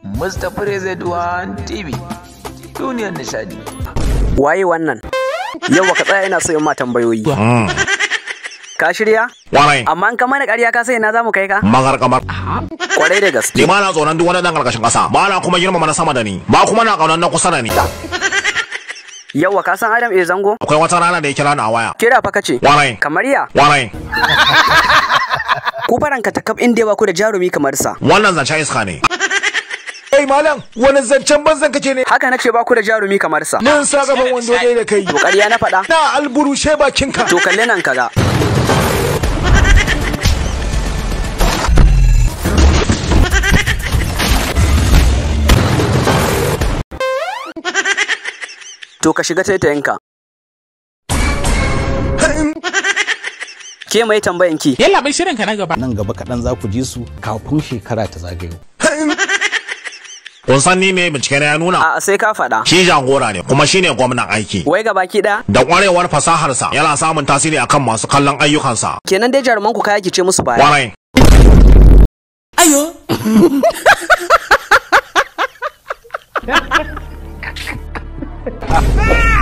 Mustapha Rezeduan TV duniyar nishadi. Waye wannan? Yau ka tsaya ina so yin ma tambayoyi. Hmm. Ka shirya? Wani. Amma in ka mana ƙarya ka sai na za mu kai ka? Magar kamar. Kwarai da gaske. Ni ma na tsoron duk wani dan ƙarƙashin ƙasa. Ba na kuma girmama na sama da ni. Ba kuma na ƙaunar na kusa da ni. Yawwa ka san Adam E Zango? Akwai wata rana da ya kira ni a waya. Kira fa kace? Wani. Kamar ya? Wani. Ku faranka ta kaf inda ba ku da jarumi kamar sa. Wannan zancen iska ne. kai malam wani zancen banzan kake ne haka nake ba ku da jarumi kamar sa nan sa gaban wando dai da kai kokari na faɗa na alburushe bakinka to kalle nan kaga to ka shiga taitayinka. Ke mai tambayanki. Yalla bai shirin ka na gaba. Nan gaba kaɗan za ku ji su kafin shekara ta zagayo. kun san ni me bincike na ya nuna a sai ka faɗa shi jagora ne kuma shi ne gwamnan aiki wai ga baki da da kwarewar fasaharsa yana samun tasiri akan masu kallon ayyukansa kenan dai jaruman ku kaya ce musu baya kwarai ayo Ha ha ha!